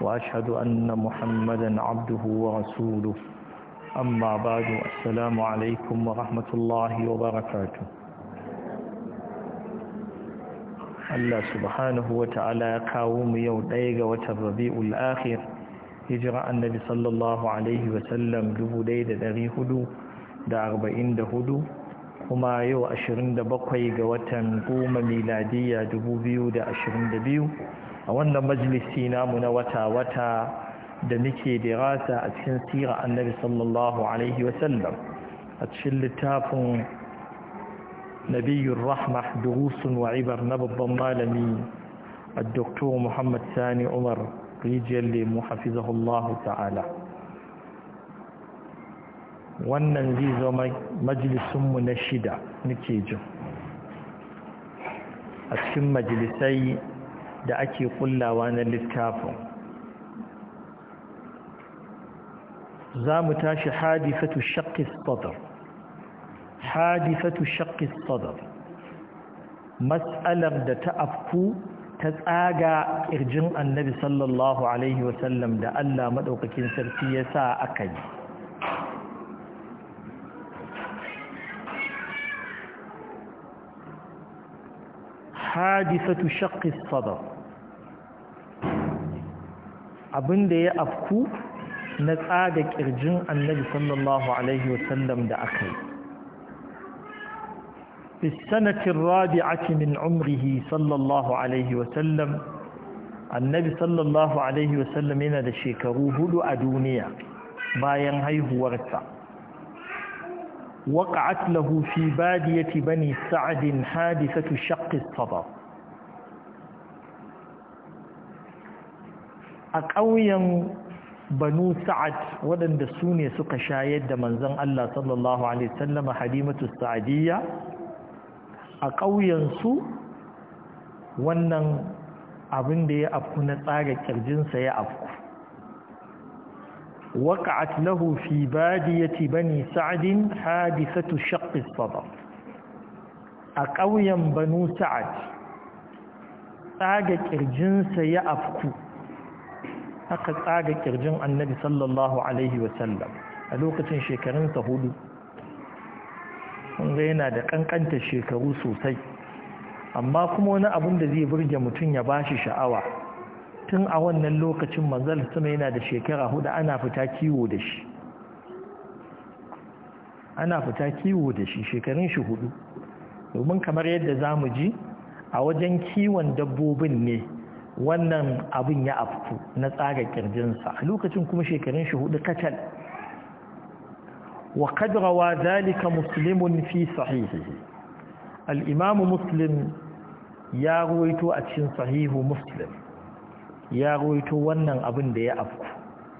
وأشهد أن محمدا عبده ورسوله أما بعد السلام عليكم ورحمة الله وبركاته Allah subhanahu wa ta'ala ya kawo mu yau ɗaya ga watan rabi'ul akhir hijira annabi sallallahu alaihi wa sallam 1444 kuma yau 27 ga watan goma miladiyya 2022 a wannan majalisi namu na wata-wata da muke dirasa a cikin sira annabi sallallahu alaihi wasallam a cikin littafin nabiyyun rahma durusun wa'ibar na babban malami a doktor muhammad sani umar rijiyar lemu hafizahullahu ta'ala wannan zai zama majalisunmu na shida nake jin a cikin majalisai da ake kullawa na littafin za mu tashi hadifatu shaqqis sadr hadifatu shaqqis mas'alar da ta afku ta tsaga irjin annabi sallallahu alaihi wasallam da Allah madaukakin sarki ya sa aka yi hadisa tu shakis sadar abinda ya afku na tsada ƙirjin annabi sallallahu alaihi da aka yi fi sanatin min umrihi sallallahu annabi sallallahu alaihi wasallam yana da shekaru huɗu a duniya bayan haihuwarsa وقعت له في بادية بني سعد حادثة شق الصدر أقويا بنو سعد ودن دسوني سك شايد من زن الله صلى الله عليه وسلم حليمة السعدية أقويا سو ونن abin da ya afku na tsaga kirjinsa ya afku وقعت له في بادية بني سعد حادثة شق الصدر أقويا بنو سعد tsaga ƙirjinsa ya afku aka tsaga ƙirjin annabi sallallahu alaihi wasallam a lokacin shekarunsa hudu wanda yana da ƙanƙanta shekaru sosai amma kuma wani abun da zai burge mutum ya bashi sha'awa tun a wannan lokacin manzal sama yana da shekara hudu ana fita kiwo da shi ana fita kiwo da shi shekarun shi hudu domin kamar yadda za mu ji a wajen kiwon dabbobin ne wannan abin ya afku na tsaga kirjinsa a lokacin kuma shekarun shi hudu kacal wa kadrawa zalika musulmin fi sahihihi al-imamu muslim ya ruwaito a cikin sahihu muslim ya ruwaito wannan abin da ya afku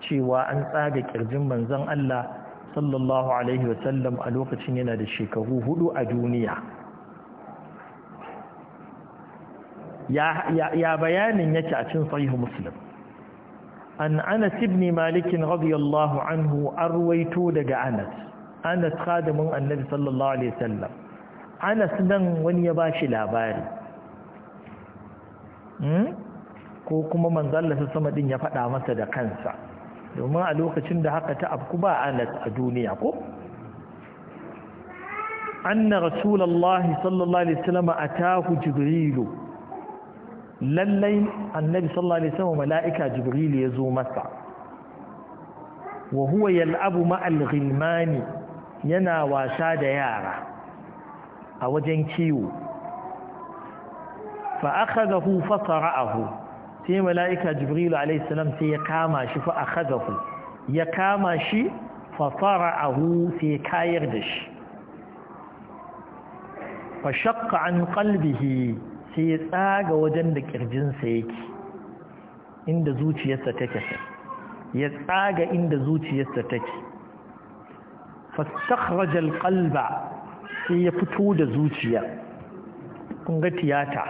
cewa an tsaga kirjin manzon Allah sallallahu alaihi wasallam a lokacin yana da shekaru hudu a duniya ya bayanin yake a cin sahihu muslim an anas ibn malik radiyallahu anhu arwaito daga anas anas khadimin annabi sallallahu alaihi wasallam anas nan wani ya bashi labari hmm? ko kuma manzalla su sama din ya faɗa masa da kansa domin a lokacin da haka ta afku ba a duniya ko anna rasulullahi sallallahu alaihi a atahu jibrilu lallai annabi sallallahu alaihi mala'ika jibrilu ya zo masa wa huwa yal'abu ma'al ghilmani yana wasa da yara a wajen kiwo fa akhadahu fa sara'ahu sai mala'ika jibrilu a.s. sai ya kama shi fa a khazafu ya kama shi fa hu sai kayar da shi fa shakka an kalbihi sai ya tsaga wajen da kirjinsa yake inda zuciyarsa take ya tsaga inda zuciyarsa take fa alqalba sai ya fito da zuciya kun ga tiyata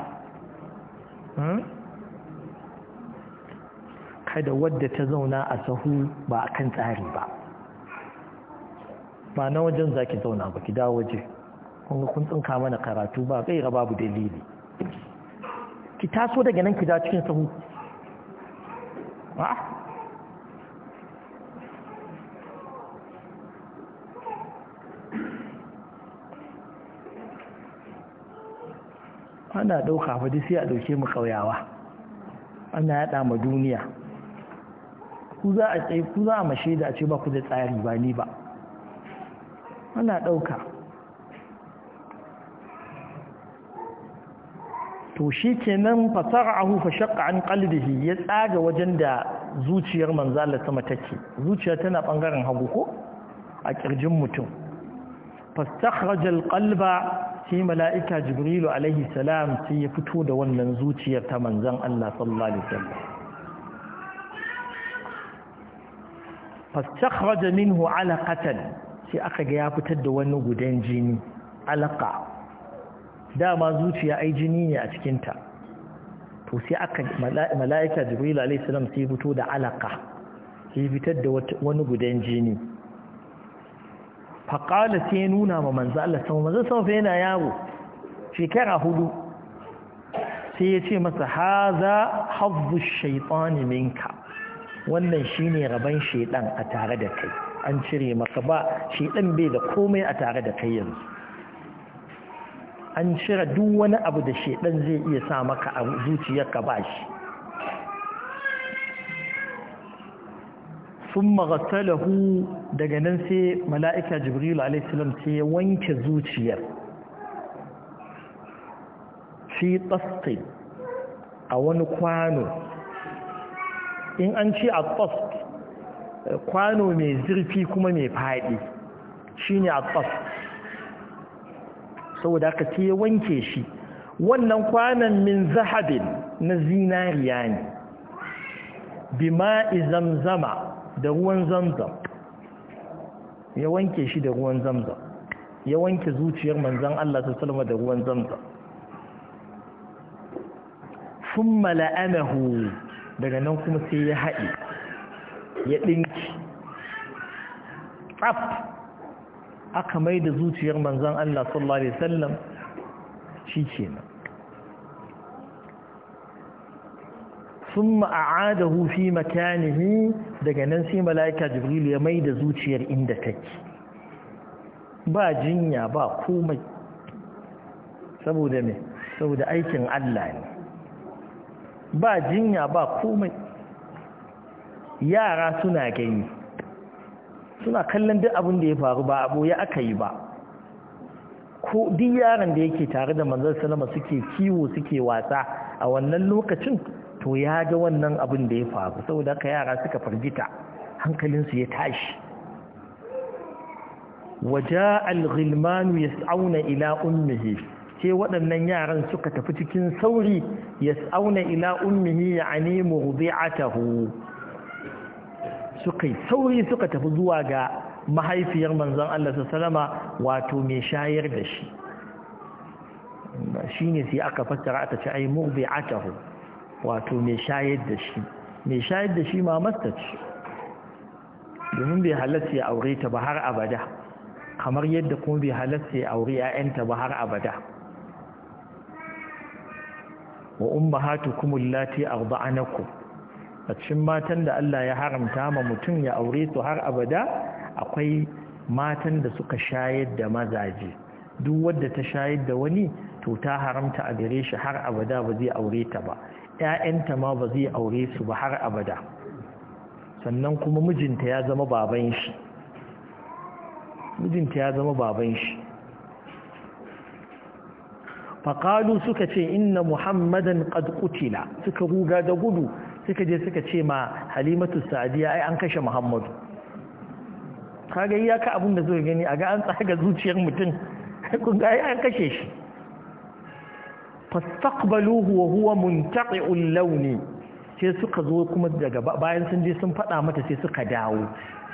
hmm? kada wadda ta zauna a sahu ba a kan tsari ba ba na wajen za ki zauna ba ki dawo waje kunga kun tsinka mana karatu ba gaira babu dalili ki taso daga nan ki da cikin sahu ana ɗauka fa sai a ɗauke mu ƙauyawa ana yaɗa ma duniya ku za a tsaye ku za a mashe da a ce ba ku da tsari ba ni ba ana ɗauka to shi nan fasara ahu fa shaqqa an ya tsaga wajen da zuciyar manzala sama take zuciya tana bangaren hagu ko a ƙirjin mutum rajal ƙalba sai mala'ika jibrilu alaihi salam sai ya fito da wannan zuciyar ta manzan Allah sallallahu alaihi wasallam fastakhraja minhu alaqatan sai aka ga ya fitar da wani gudan jini alaqa dama zuciya ai jini ne a cikin ta to sai aka mala'ika jibril alayhi salam sai fito da alaqa sai fitar da wani gudan jini qala sai nuna ma manzo Allah sai manzo yana yawo shekara hudu sai ya ce masa haza hazzu shaytan minka wannan shine raban shedan a tare da kai an cire maka ba shedan bai da komai a tare da kai yanzu an cire duk wani abu da shedan zai iya sa maka a zuciyar ka ba shi sun maghatalahu daga nan sai mala'ika jibril alaihissalam sai ya wanke zuciyar fi tsastin a wani kwano in an ce a kwano mai zurfi kuma mai faɗi shine a saboda aka ce ya wanke shi wannan kwanan min zahabin na zinariya ne bima zamzama da ruwan zamzam ya wanke shi da ruwan zamzam ya wanke zuciyar manzan Allah ta salama da ruwan zamzam sun mala'anahu daga nan kuma sai ya haɗe ya ɗinki tsaf aka mai da zuciyar manzan Allah sallallahu Alaihi wasallam shi ke nan sun ma'ada hufi makanihi daga nan sai mala'ika jibril ya mai da zuciyar inda take ba jinya ba komai saboda saboda aikin Allah ne ba jinya ba komai yara suna gani suna kallon duk abin da ya faru ba abu ya aka yi ba ko duk yaran da yake tare da manzon salama suke kiwo suke wasa a wannan lokacin to ya ga wannan abin da ya faru saboda haka yara suka fargita hankalinsu ya tashi waja al ya yas'auna ila ummihi sai waɗannan yaran suka tafi cikin sauri ya auna ila ummihi ya ani murdi'atahu suka yi sauri suka tafi zuwa ga mahaifiyar manzan Allah sallama wato mai shayar da shi ne sai aka fassara ta ce ai murdi'atahu wato mai shayar da shi mai shayar da shi ma ce domin bai halatta ya aure ta ba har abada kamar yadda kuma bai halatta ya aure 'ya'yanta ba har abada wa ummahatukum allati arda'anakum a cikin matan da Allah ya haramta ma mutum ya aure su har abada akwai matan da suka shayar da mazaje duk wadda ta shayar da wani to ta haramta a gare shi har abada ba zai aure ta ba ƴaƴanta ma ba zai aure su ba har abada sannan kuma mijinta ya zama baban shi mijinta ya zama baban shi faƙalu suka ce inna muhammadan ƙad ƙutila suka guga da gudu suka je suka ce ma halimatu Sadiya ai an kashe muhammadu kaga yaka abin da zai gani a ga an tsaga zuciyar mutum kun ga an kashe shi fastaqbaluhu wa huwa muntaqi'ul launi sai suka zo kuma daga bayan sun je sun faɗa mata sai suka dawo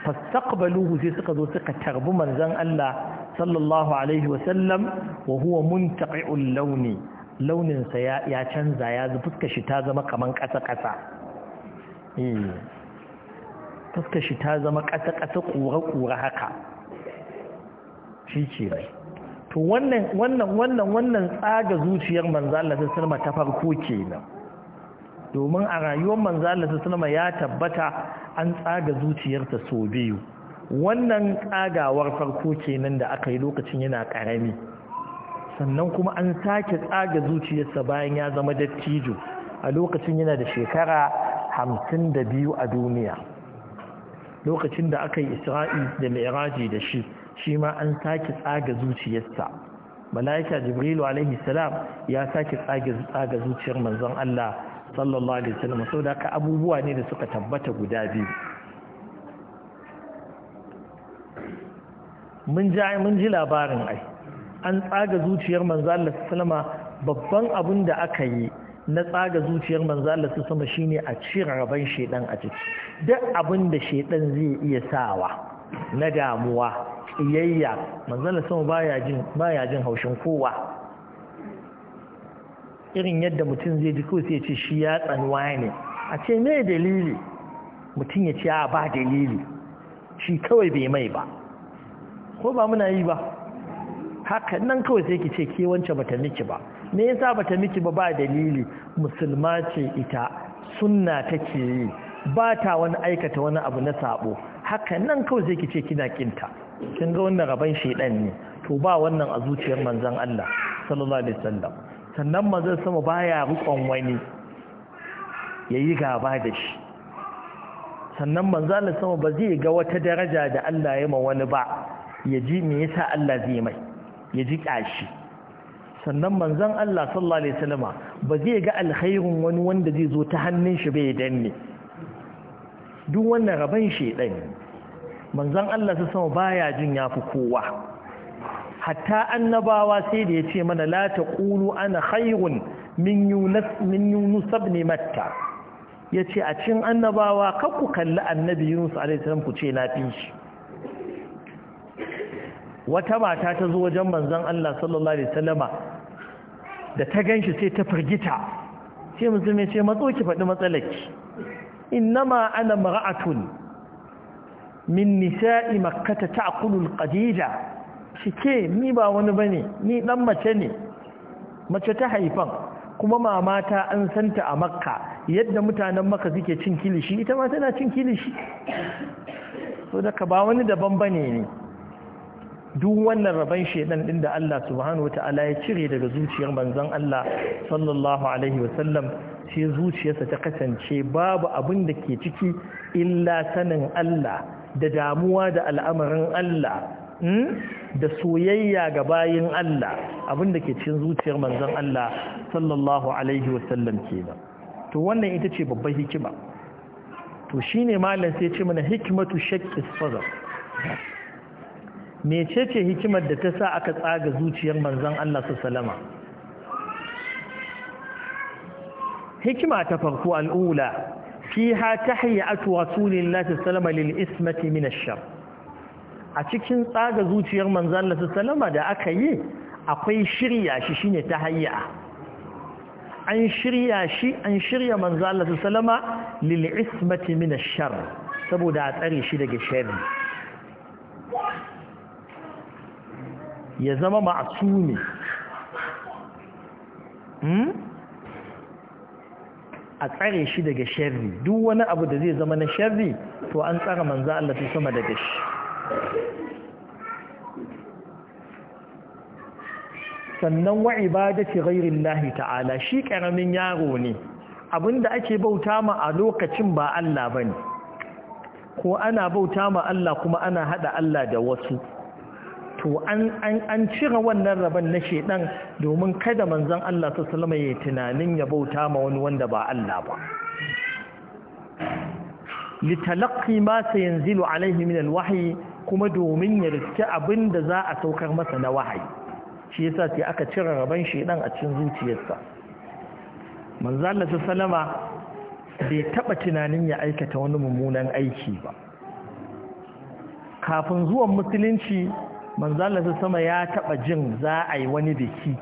fastaqbaluhu sai suka zo suka tarbi manzon Allah sallallahu alaihi wasallam wa huwa muntaqi'ul launi launin sa ya canza ya fuskar shi ta zama kaman kasa kasa eh fuskar shi ta zama kasa kasa kura kura haka shi to wannan wannan wannan wannan tsaga zuciyar manzon Allah sallallahu alaihi wasallam ta farko kenan domin a rayuwar manzo Allah ya tabbata an tsaga zuciyarsa so biyu wannan tsagawar farko kenan da aka yi lokacin yana karami sannan kuma an sake tsaga zuciyarsa bayan ya zama dattijo a lokacin yana da shekara hamsin da biyu a duniya lokacin da aka yi isra'i da mai da shi shi ma an sake tsaga zuciyarsa mala'ika jibrilu alaihi salam ya sake tsaga zuciyar manzon Allah sallallahu alaihi wasallam sau da ka abubuwa ne da suka tabbata guda biyu mun ji labarin ai an tsaga zuciyar manzo Allah sallama babban abin da aka yi na tsaga zuciyar manzo Allah sallama shine a cire raban shedan a ciki duk abin da shedan zai iya sawa na damuwa iyayya manzo Allah sallama baya jin baya jin haushin kowa irin yadda mutum zai ji kawai sai ce shi ya tsanuwa ne a ce me dalili mutum ya ce ya ba dalili shi kawai bai mai ba ko ba muna yi ba haka nan kawai sai ki ce ke wancan bata miki ba me yasa bata miki ba ba dalili musulma ce ita sunna take yi ba ta wani aikata wani abu na sabo haka nan kawai sai ki ce kina kinta kin ga wannan raban shedan ne to ba wannan a zuciyar manzon Allah sallallahu alaihi wasallam sannan mazan sama baya rukon wani ya yi gaba da shi sannan manzalar sama ba zai ga wata daraja da Allah ya ma wani ba ya ji me yasa Allah zai mai ya ji ƙashi sannan manzan Allah sallallahu alaihi wasallama ba zai ga alkhairun wani wanda zai zo ta hannun shi bai danne duk wannan raban shedan manzan Allah sallallahu alaihi wasallama baya jin yafi kowa hatta annabawa sai da ya ce mana la ta ƙulu ana khairun min yunus ibn matta ya ce a cin annabawa karku kalli annabi yunus ku ce na fi shi wata mata ta zo wajen manzon Allah sallallahu alaihi da ta ganshi sai ta firgita sai musulmi ce matso ki faɗi matsalarki innama ana mar'atun min nisa'i makkata ta'kulul qadija cike ni ba wani bane ni dan mace ne mace ta haifan kuma mamata an santa a makka yadda mutanen maka suke cin kilishi ita ma tana cin kilishi so daga ba wani daban bane ne duk wannan rabon shedan din da Allah subhanahu wata'ala ya cire daga zuciyar manzon Allah sallallahu alaihi wa sallam sai zuciyarsa ta kasance babu abin da ke ciki illa sanin Allah da damuwa da al'amarin Allah Hmm? da soyayya ga bayin Allah abin da ke cin zuciyar manzon Allah sallallahu alaihi wasallam ba. to wannan ita ce babbar hikima to shine malam sai ce mana hikmatu Me ce ce hikimar da ta sa aka tsaga zuciyar manzon Allah sallama hikima ta farko al'ula fiha tahiyatu rasulillahi sallallahu alaihi wasallam lil ismati min ash a cikin tsaga zuciyar manzan da aka yi akwai shirya shi shine hayya an shirya shi an shirya manzan Allah sallama lil ismati shar saboda a tsare shi daga shari ya zama ne hmm? a tsare shi daga sharri duk wani abu da zai zama na sharri to an tsara manza Allah sama daga shi sannan ce ibadati lahi ta'ala shi ƙaramin yaro ne abinda ake bauta ma a lokacin ba Allah bane ko ana bauta ma Allah kuma ana hada Allah da wasu to an cire wannan raban na shedan domin kada manzan Allah ta salama ya tunanin ya bauta ma wani wanda ba Allah ba litalaqi ma sayanzilu alaihi min alwahyi kuma domin ya riske abin da za a saukar masa na wahayi shi yasa sai aka cire shi shedan a cikin zuciyarsa manzo Allah sallama bai taba tunanin ya aikata wani mummunan aiki ba kafin zuwan musulunci manzo Allah sama ya taba jin za a yi wani biki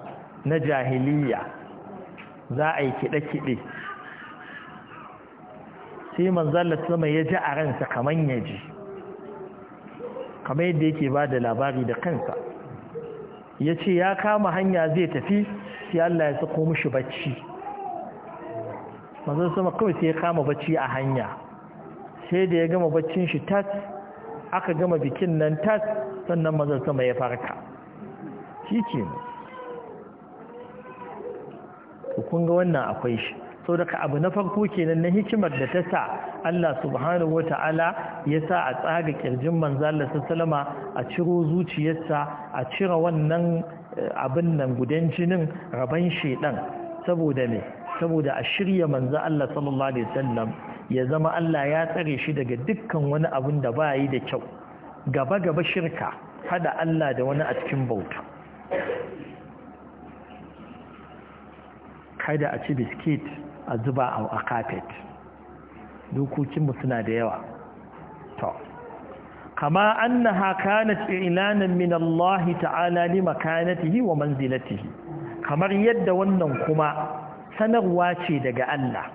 na jahiliya za a yi kide-kide sai manzo Allah sama ya ji a ransa kaman ya ji kamar yadda yake ba da labari da kansa ya ce ya kama hanya zai tafi sai Allah ya sako mushi bacci mazan sama kawai sai ya kama bacci a hanya sai da ya gama baccin shi tas aka gama bikin nan tas sannan mazan sama ya farka shi ce ku kunga wannan akwai shi so daga abu na farko kenan na hikimar da ta sa Allah subhanahu Ta'ala ya sa a tsaga kirjin manza sassalama a ciro zuciyarsa a cire wannan eh, abin nan gudan jinin rabon shedan saboda ne saboda a shirya manzo Allah sallallahu alaihi wasallam ya zama Allah ya tsare shi daga dukkan wani abin da ba yi da kyau gaba gaba shirka hada Allah da wani a cikin bauta kada a ci biskit a zuba a kafet dokokinmu suna da yawa to kama annaha kanat ilanan min Allah ta'ala li makanatihi wa manzilatihi kamar yadda wannan kuma sanarwa ce daga Allah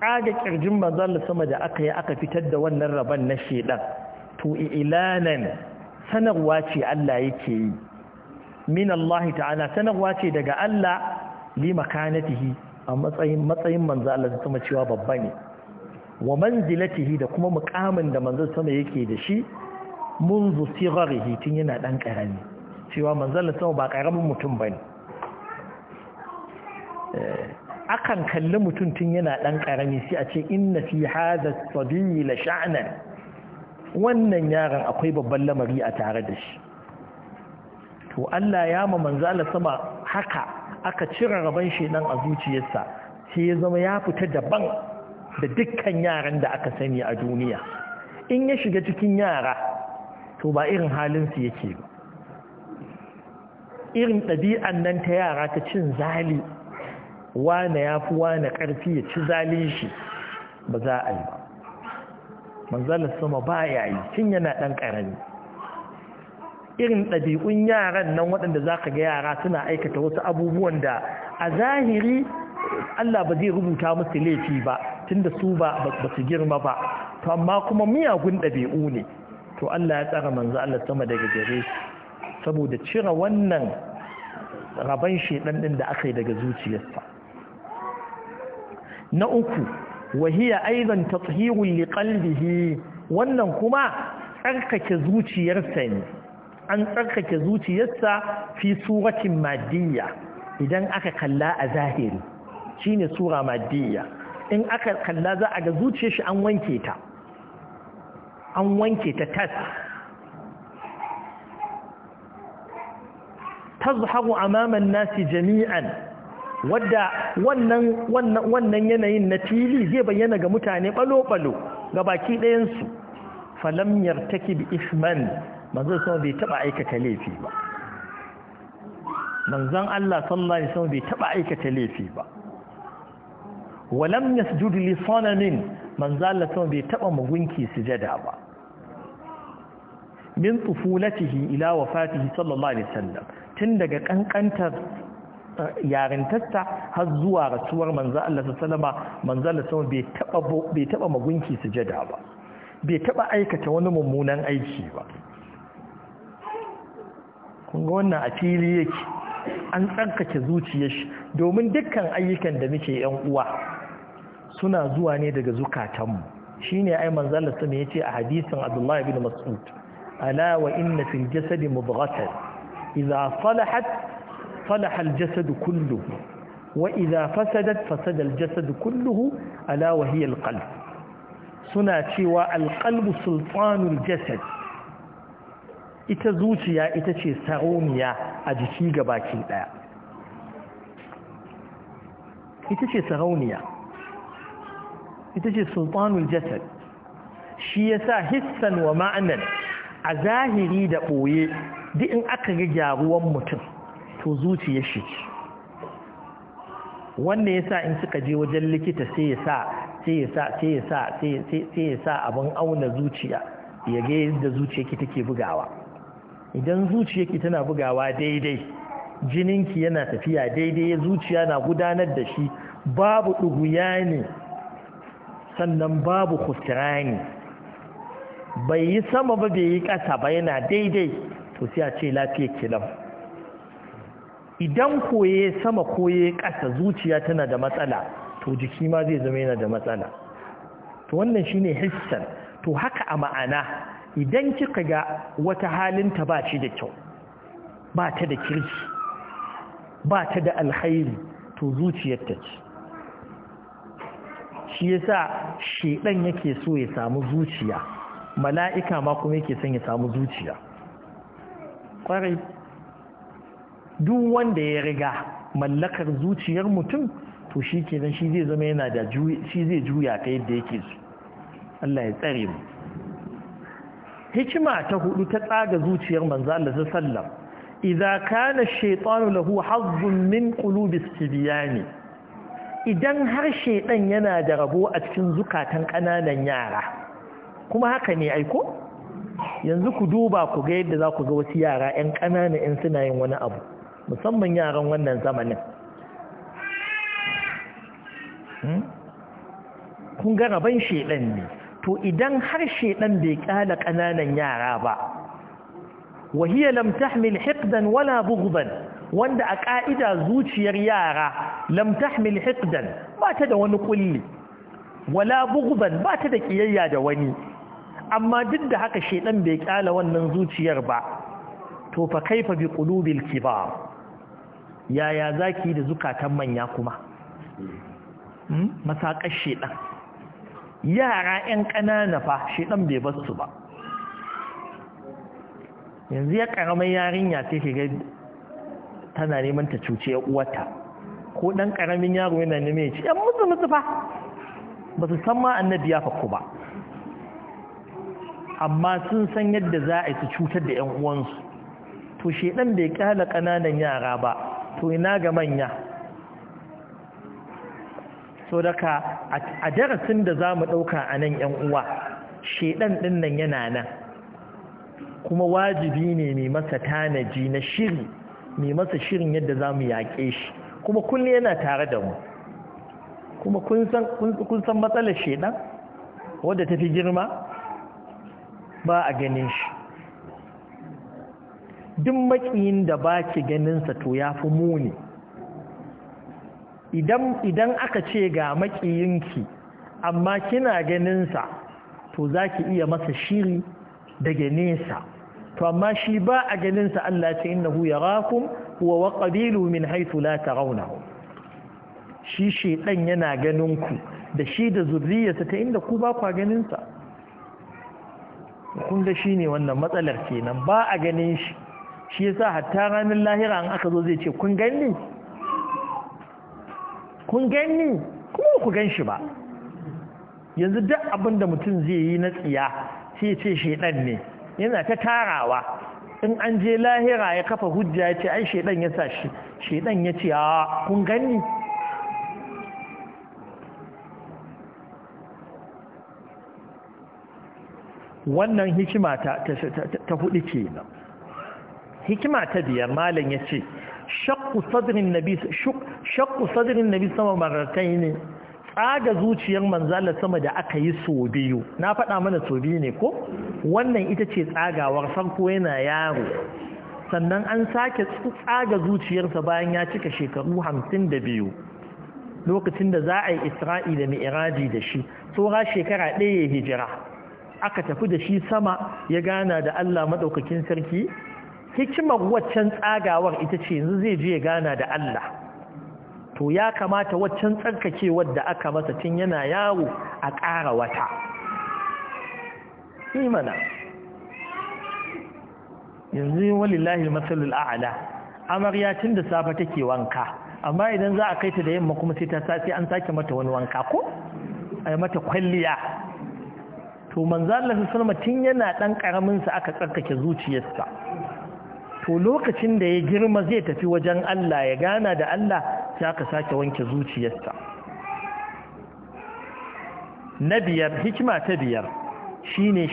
kage kirjin manzon sama da aka yi aka fitar da wannan rabon na shedan to ilanan sanarwa ce Allah yake yi min Allah ta'ala sanarwa ce daga Allah li makanatihi a matsayin matsayin manzo Allah ta kuma cewa babba ne wa manzilatihi da kuma mukamin da manzo sama yake da shi munzu صغره tun yana dan karami cewa Allah sama ba karamin mutum bane eh, akan kalli mutum tun yana dan karami sai a ce inna fi hadha sabili la sha'nan wannan yaron akwai babban lamari a tare da shi to Allah ya ma Allah sama haka aka cire rabon shi nan a zuciyarsa sai ya zama ya fita daban da dukkan yaran da aka sani a duniya in ya shiga cikin yara to ba irin halinsu yake ba irin ɗabi'an nan ta yara ta cin zali wane ya fi wane ƙarfi ya ci zalin shi ba za a yi ba manzalar sama ba ya yi cin yana ɗan ƙarami irin ɗabi'un yaran nan waɗanda za ka ga yara suna aikata wasu abubuwan da a zahiri Allah ba zai rubuta musu laifi ba tunda su ba ba su girma ba to amma kuma miyagun ɗabi'u ne to Allah ya tsara manzo Allah sama daga gare su saboda cire wannan raban shedan din da aka yi daga zuciyarsa na uku wahiya aidan li liqalbihi wannan kuma tsarkake zuciyarsa ne an tsarkake zuciyarsa fi suratin madiyya idan aka kalla a zahiri shine sura madiyya in aka kalla za a ga zuciyar shi an wanke ta an wanke ta tas tazharu amaman nasi jami'an wadda wannan wannan yanayin na tili zai bayyana ga mutane balo-balo ga baki ɗayansu falam yartaki bi isman manzon sama bai taba aikata laifi ba manzon Allah sallallahu alaihi wasallam bai taba aikata laifi ba walam yasjud li sanamin manzon Allah sama bai taba mugunki sujada ba min tufulatihi ila wafatihi sallallahu alaihi wasallam tun daga kankantar eh, yarintarsa har zuwa rasuwar manzo Allah sallama manzo Allah sama bai taba bai taba magunki sujada ba bai taba aikata wani mummunan aiki ba kun wannan a fili yake an tsarkake zuciyar shi domin dukkan ayyukan da muke yan uwa suna zuwa ne daga zukatanmu shine ai manzo Allah sama yace a hadisin Abdullah ibn Mas'ud ala wa inna fil jasadi mudghatan idza salahat salaha al jasad kulluhu wa idza fasadat fasada al jasad kulluhu ala wa hiya al qalb suna cewa al qalbu sultanul jasad ita zuciya ita ce sarauniya a jiki gabaki daya ita ce sarauniya ita ce sultanul jasad shi yasa hissan wa ma'anan a zahiri da ɓoye duk in aka ga gyaruwan mutum to zuciya shi wannan yasa in suka je wajen likita sai ya sa sai ya sa sai ya sa sai ya sa abin auna zuciya ya ga yadda zuciyarki take bugawa idan zuciyarki tana bugawa daidai jininki yana tafiya daidai zuciya na gudanar da shi babu ɗuguya ne sannan babu kuskirani bai yi sama ba bai yi ƙasa ba yana daidai to sai a ce lafiya kilam idan koye sama koye ƙasa zuciya tana da matsala to jiki ma zai zama yana da matsala to wannan shine hissan to haka a ma'ana idan kika ga wata halinta ba shi da kyau ba ta da kirki ba ta da alkhairi to zuciyarta ce shi yasa shedan yake so ya samu zuciya mala'ika ma kuma yake son ya samu zuciya kwarai duk wanda ya riga mallakar zuciyar mutum to shi kenan shi zai zama yana da shi zai juya ta yadda yake so. Allah ya tsare mu hikima ta hudu ta tsaga zuciyar manzo Allah sallam idza kana shaytanu lahu hazzun min qulubis idan har shaydan yana da rabo a cikin zukatan kananan yara kuma haka ne aiko yanzu ku duba ku ga yadda za ku ga wasu yara 'yan ƙanana 'yan suna yin wani abu musamman yaran wannan zamanin hmm? kun ga rabon shaidan ne to idan har shedan bai kala kananan yara ba wahiya lam tahmil hiqdan wala bughdan wanda a ka'ida zuciyar yara lam tahmil hiqdan ba ta da wani kulli wala bughdan ba ta da kiyayya da wani amma duk da haka shedan bai kala wannan zuciyar ba to fa kaifa bi qulubil kibar yaya zaki da zukatan manya kuma hmm? masakar shedan yara 'yan ƙanana fa shi ɗan bai bar su ba yanzu ya karamar yarinya ce shiga tana neman ta cuce uwata ko dan karamin yaro yana neman ya ce ‘yan musu musu fa ba su san ma annabi ya faku ba amma sun san yadda za a yi su cutar da ‘yan uwansu to shi ɗan bai kyala ƙananan yara ba to ina ga manya so a darasin da za mu ɗauka a nan ‘yan uwa shaiɗan ɗin nan yana nan kuma wajibi ne mai masa tanaji na shiri mai masa shirin yadda za mu yaƙe shi kuma kulle yana tare da mu kuma kun san matsalar shaiɗan, wadda ta fi girma ba a ganin shi duk maƙiyin da ba ki ganinsa to ya fi muni idan aka ce ga makiyinki amma kina ganinsa to za ki iya masa shiri daga nesa to amma shi ba a ganinsa Allah ce innahu yarakum huwa wa qabilu min haythu la tarawnahu shi shedan yana ganin ku da shi da zurriyarsa ta inda ku ba kwa ganinsa kun shi ne wannan matsalar kenan ba a ganin shi shi yasa hatta ranar lahira an aka zo zai ce kun gani kun gani kuma ku gan shi ba yanzu duk abin da mutum zai yi na tsiya sai ce shaidan ne yana ta tarawa in an je lahira ya kafa hujja ya ce ai shaidan ya sa shi shaidan ya ce a kun gani wannan hikima ta hudu nan. hikima ta biyar malam ya ce shakku sadrin nabi shakku sadrin nabi sama ne tsaga zuciyar manzala sama da aka yi so biyu na faɗa mana sau biyu ne ko wannan ita ce tsagawar farko yana yaro sannan an sake tsaga zuciyarsa bayan ya cika shekaru hamsin da biyu lokacin da za a yi isra'i da mi'iraji da shi tsora shekara ɗaya ya hijira aka tafi da shi sama ya gana da allah maɗaukakin sarki hikimar waccan tsagawar ita ce yanzu zai je gana da Allah to ya kamata waccan tsarkakewar da aka masa tun yana yawo a ƙara wata mana yanzu walillahi matsalul a'ala amarya tun da safe take wanka amma idan za a kai ta da yamma kuma sai ta sai an sake mata wani wanka ko yi mata kwalliya to manzo Allah yana ɗan karamin sa aka tsarkake zuciyarsa to lokacin da ya girma zai tafi wajen Allah ya gana da Allah sai aka sake wanke zuciyarsa na biyar hikima ta biyar shine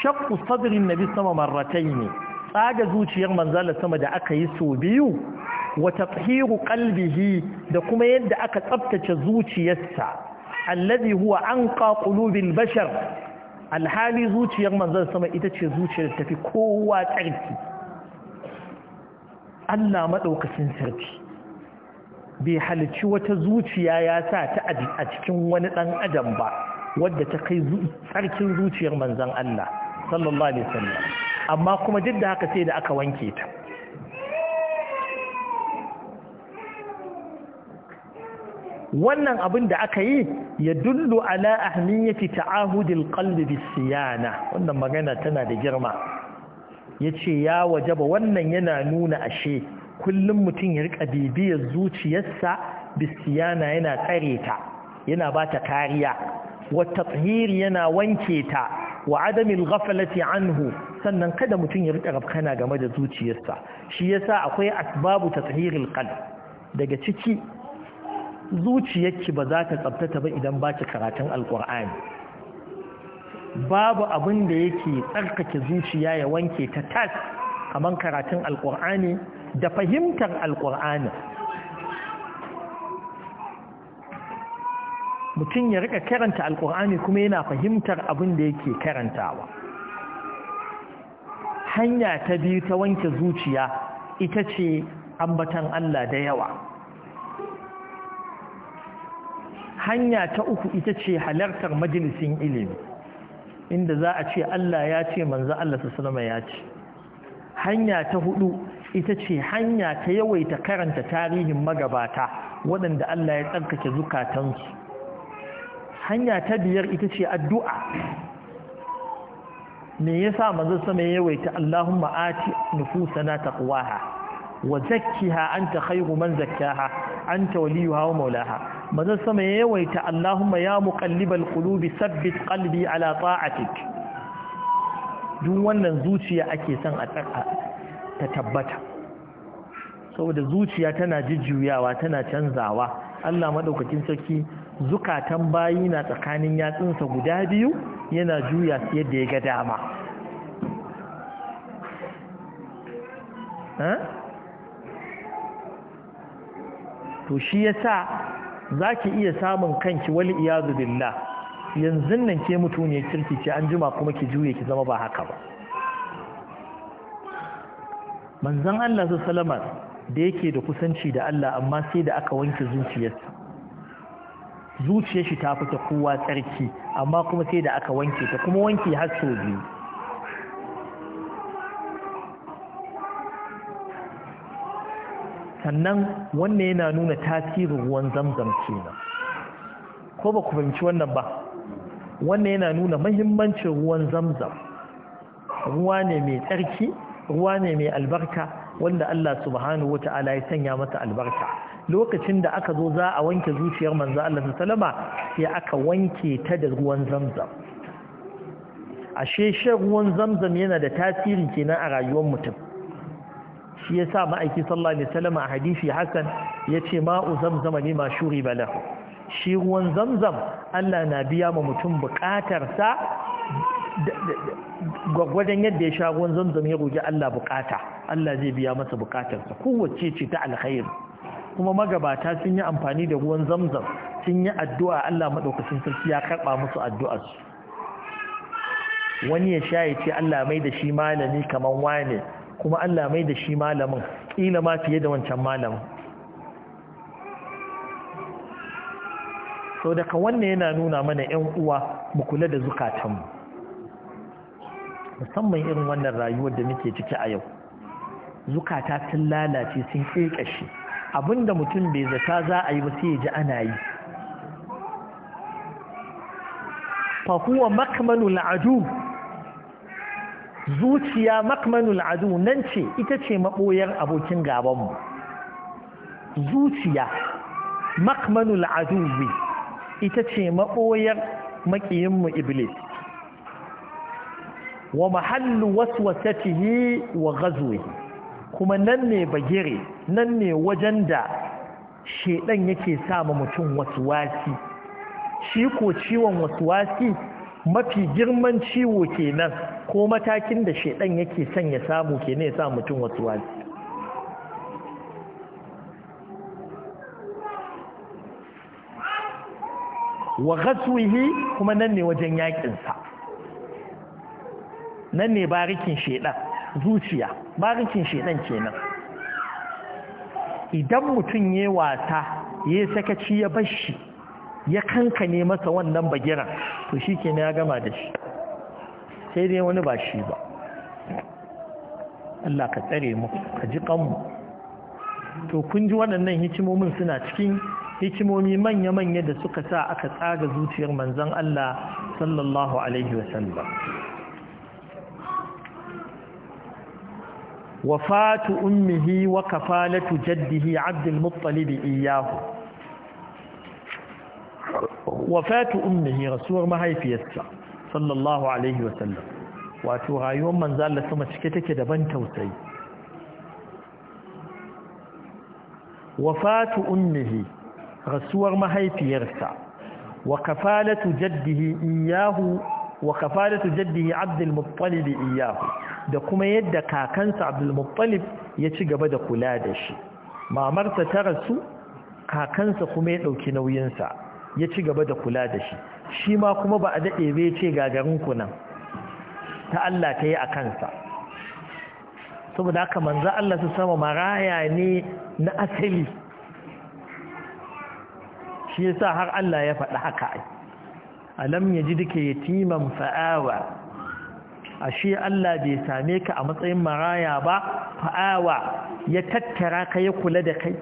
shakku sadrin na sama marratai ne tsaga zuciyar manzala sama da aka yi so biyu wata tahiru kalbihi da kuma yadda aka tsabtace zuciyarsa allazi huwa an qulubil bashar alhali zuciyar manzala sama ita ce zuciyar tafi kowa tsarki Allah maɗaukacin sarki bai halici wata zuciya ya sa ta a cikin wani ɗan adam ba wadda ta kai tsarkin zuciyar manzan Allah sallallahu alaihi wasallam amma kuma duk da haka sai da aka wanke ta wannan abin da aka yi ya dullu ala ahmiyati ta'ahudil qalbi bis siyana wannan magana tana da girma ya ce ya wajaba wannan yana nuna ashe kullum mutum ya rika bibiyar zuciyarsa bisiyana yana tsare ta yana ba ta kariya wata tsahiri yana wanke ta wa adamin gafalati anhu sannan kada mutum ya rika rafkana game da zuciyarsa shi yasa akwai asbabu ta tsahirin kal daga ciki zuciyarki ba za ta tsabtata ba idan ba ki karatun alkur'ani babu abin da yake tsarkake zuciya ya wanke ta tas kamar karatun alkur'ani da fahimtar alkur'ani mutum ya rika karanta alkur'ani kuma yana fahimtar abin da yake karantawa hanya ta biyu ta wanke zuciya ita ce ambatan Allah da yawa hanya ta uku ita ce halartar majalisin ilimi inda za a ce Allah ya ce manzo Allah sallama ya ce hanya ta hudu ita ce hanya ta yawaita karanta tarihin magabata waɗanda Allah ya tsarkake zukatansu hanya ta biyar ita ce addu'a me yasa manzo sama ya yawaita Allahumma ati nufusana taqwaha wa zakkiha anta khayru man zakkaha anta waliyuha wa maulaha manzo sama yawaita Allahumma ya muqallibal qulubi sabbit qalbi ala ta'atik duk wannan zuciya ake son a tsaka ta tabbata saboda zuciya tana jujjuyawa tana canzawa Allah madaukakin sarki zukatan bayi na tsakanin yatsunsa guda biyu yana juya su yadda ya ga dama to shi ya sa za ki iya samun kanki wani iyazu billah yanzu nan ke mutu ne kirki ce an jima kuma ki juye ki zama ba haka ba manzon Allah su salama da yake da kusanci da Allah amma sai da aka wanke zuciyarsa zuciyar shi ta fita kowa tsarki amma kuma sai da aka wanke ta kuma wanke har sau biyu sannan wannan yana nuna tasirin ruwan zamzam kenan ko ba ku fahimci wannan ba wannan yana nuna mahimmancin ruwan zamzam ruwa ne mai tsarki ruwa ne mai albarka wanda Allah subhanahu wata'ala ya sanya masa albarka lokacin da aka zo za a wanke zuciyar manzo Allah sallama sai aka wanke ta da ruwan zamzam ashe shan ruwan zamzam yana da tasiri kenan a rayuwar mutum shi yasa ma'aiki sallallahu alaihi a hadisi Ya ce ma'u zamzama ne ma shuri bala shi ruwan zamzam Allah na biya ma mutum bukatarsa sa yadda ya sha ruwan zamzam ya roki Allah bukata Allah zai biya masa bukatarsa sa kowace ce ta alkhair kuma magabata sun yi amfani da ruwan zamzam sun yi addu'a Allah maɗaukacin sarki ya karɓa musu addu'ar wani ya sha ya ce Allah mai da shi malami kamar wane kuma Allah mai da shi malamin ƙila ma fiye da wancan malamin sau daga wannan yana nuna mana 'yan uwa mu kula da zukatanmu musamman irin wannan rayuwar da muke ciki a yau zukata sun lalace sun shi. abinda mutum bai zata za a yi ba sai ya ji ana yi fahuwa makamanul adu zuciya makmanul adu nan ce ita ce maɓoyar abokin gabanmu zuciya makmanul adu ita ce maɓoyar mu iblis wa mahallu waswasatihi wa ghazwihi kuma nan ne bagire nan ne wajen da shedan yake sa mutum waswasi shi ko ciwon waswasi mafi girman ciwo kenan ko matakin da shaidan yake son ya samu kenan ya sa mutum wasu wasu wa ghaswihi kuma nan ne wajen yakinsa nan ne barikin shaidan zuciya barikin shaidan kenan idan mutum ya wasa ya sakaci ya bashi ya kankane masa wannan bagira to shi ke ya gama da shi sai dai wani ba shi ba Allah ka tsare mu ka ji kanmu to kun ji waɗannan hikimomin suna cikin hikimomi manya-manya da suka sa aka tsaga zuciyar manzan Allah sallallahu Alaihi wasallam wafatu ummihi wa kafalatu jaddihi abdul muttalibi iyahu wafatu ummihi rasuwar mahaifiyarsa sallallahu alaihi wasallam wato rayuwar manzo Allah sama cike take da ban tausayi wafatu ummihi rasuwar mahaifiyarsa wa kafalatu jaddihi iyahu wa kafalatu jaddihi Abdul Muttalib iyahu da kuma yadda kakansa Abdul Muttalib ya ci gaba da kula da shi mamarsa ta rasu kakansa kuma ya dauki nauyinsa ya ci gaba da kula da shi shi ma kuma ba a daɗe bai ce gagarin kunan ta Allah ta yi a kansa saboda haka manzo Allah su sama maraya ne na asali shi yasa har Allah ya faɗi haka ai alam yajidka yatiman fa'awa ashe Allah bai same ka a matsayin maraya ba fa'awa ya tattara ka ya kula da kai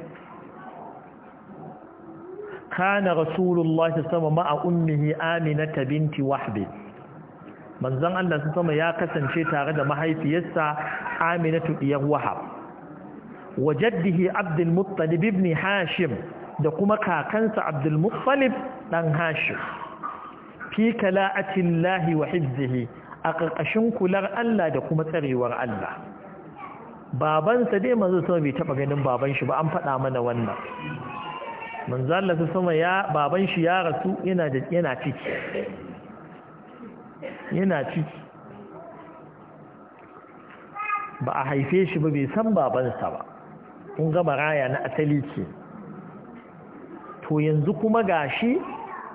kana rasulullahi sama ma'a ummihi aminata binti wahbi manzon Allah sama ya kasance tare da mahaifiyarsa aminatu diyar wahab wa jaddihi abdul muttalib ibn hashim da kuma kakansa abdul muttalib dan hashim fi kala'atillahi wa hifzihi a ƙarƙashin kular Allah da kuma tsarewar Allah babansa dai manzo sama bai taɓa ganin baban shi ba an faɗa mana wannan manzo Allah sama ya baban shi ya rasu yana ciki yana ciki ba a haife shi ba bai san babansa ba kun ga maraya na asali ce to yanzu kuma gashi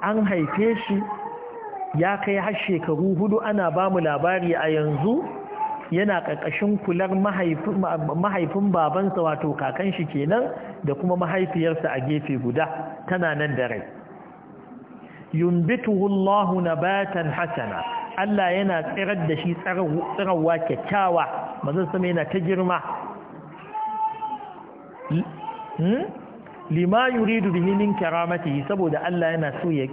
an haife shi ya kai har shekaru hudu ana ba mu labari a yanzu yana ƙarƙashin kular mahaifin babansa wato kakan shi kenan da kuma mahaifiyarsa a gefe guda tana nan da rai yumbituhullahu na nabatan hasana Allah yana tsirar da shi tsirarwa kyakkyawa mazan sama yana ta girma hmm? lima yuridu bihi min karamatihi saboda Allah yana so ya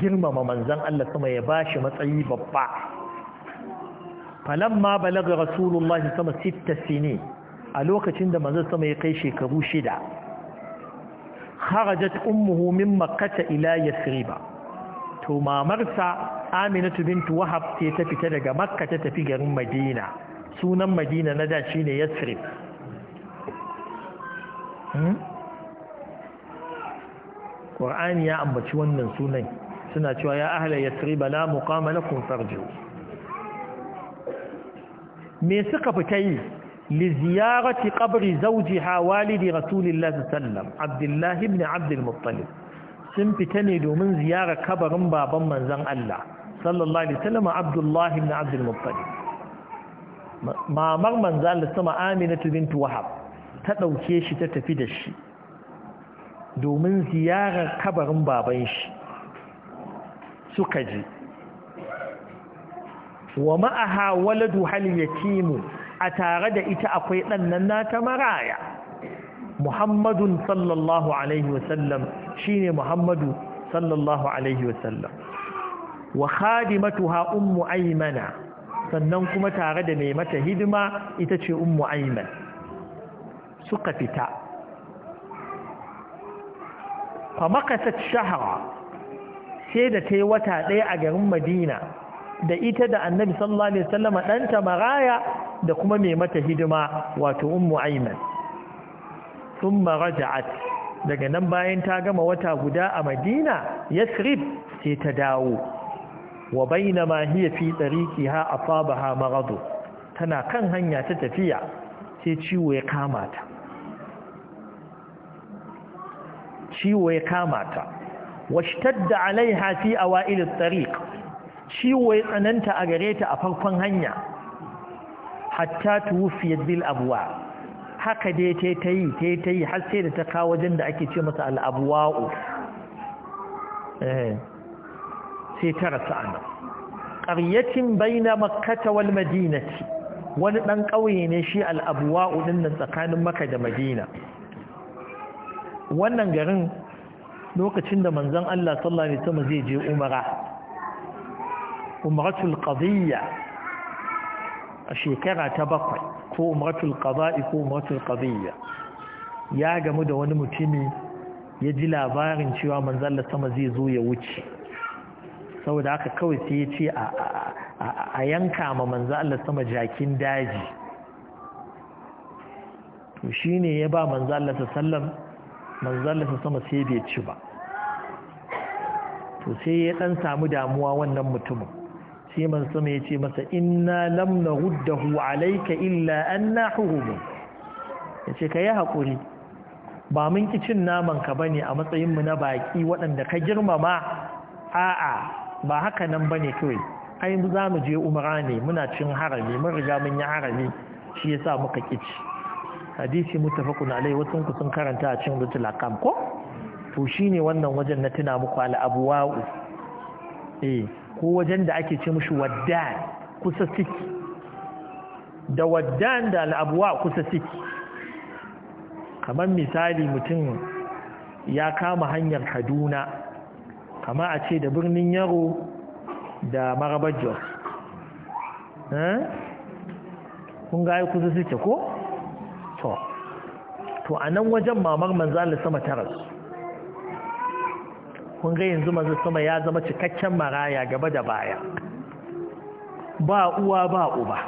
girmama manzon Allah sama ya bashi matsayi babba فلما بلغ رسول الله صلى الله عليه وسلم ست سنين الوقت عندما زلتم يقيشي كبو شدع خرجت أمه من مكة إلى يسريبا ثم مرسى آمنة بنت وهب تيتفت لك مكة تتفقر مدينة سونا مدينة ندع شين يسريب قرآن يا أمبت شوانا سونا سنة يا أهل يسريب لا مقام لكم فارجوا me suka fita yi li ziyarati qabri zawjiha walidi rasulillahi sallam abdullahi ibn abd al-muttalib sun fita ne domin ziyara kabarin baban manzon Allah sallallahu alaihi wasallam abdullahi ibn abd al-muttalib mamar manzon Allah sama Aminatu bint Wahab ta dauke shi ta tafi da shi domin ziyarar kabarin baban shi suka ji. wa ma'aha waladu hal yatimu a tare da ita akwai ɗan nan nata maraya muhammadun sallallahu alaihi wasallam shine muhammadu sallallahu alaihi wasallam wa khadimatuha ummu aymana sannan kuma tare da mai mata hidima ita ce ummu ayman suka fita fa makasat shahra sai da tayi wata ɗaya a garin madina da ita da annabi sallallahu alaihi wasallam ɗanta maraya da kuma mai mata hidima wato ummu aiman thumma raja'at daga nan bayan ta gama wata guda a madina yasrib sai ta dawo wa bainama hiya fi tariqiha asabaha maghadu tana kan hanya ta tafiya sai ciwo ya kama ta ciwo ya kama washtadda alaiha fi awail at ciwo ya tsananta a gare ta a farkon hanya hatta tuwufiyar bil abuwa haka dai ta ta yi ta yi har sai da ta kawo wajen da ake ce masa al'abuwa'u eh, sai ta rasu ana ƙaryacin bai na makata wal madinaci wani ɗan ƙauye ne shi al'abuwa'u ɗin nan tsakanin maka da madina wannan garin lokacin da manzan Allah sallallahu Alaihi wasallam zai je umara umratul qadiyya a shekara ta bakwai ko umratul qada'i ko umratul qadiyya ya gamu da wani mutumi ya ji labarin cewa manzalla sama zai zo ya wuce saboda haka kawai sai ya ce a yanka ma manzalla sama jakin daji to shine ya ba manzalla sallam manzalla sama sai bai ci ba to sai ya dan samu damuwa wannan mutumin sai man sama ya ce masa inna lam naghuddahu alaika illa an na Ya ce ka yi hakuri ba mun ki cin naman ka bane a matsayinmu na baki waɗanda ka girmama a'a ba haka nan bane kai ai mu za mu je umara ne muna cin harami mun riga mun yi harami shi ya sa muka kici hadisi muttafaqun alai wasu ku sun karanta a cin rutul kam ko to shine wannan wajen na tuna muku al'abuwa'u eh ko wajen da ake ce mashi waddan kusa siki da waddan da al'abuwa kusa siki kamar misali mutum ya kama hanyar kaduna kama a ce da birnin yaro da marabar jos eh? kun gaya kusa siki ko? to a nan wajen mamar manzali sama taras kun ga yanzu manzo sama ya zama cikakken maraya gaba da baya ba uwa ba uba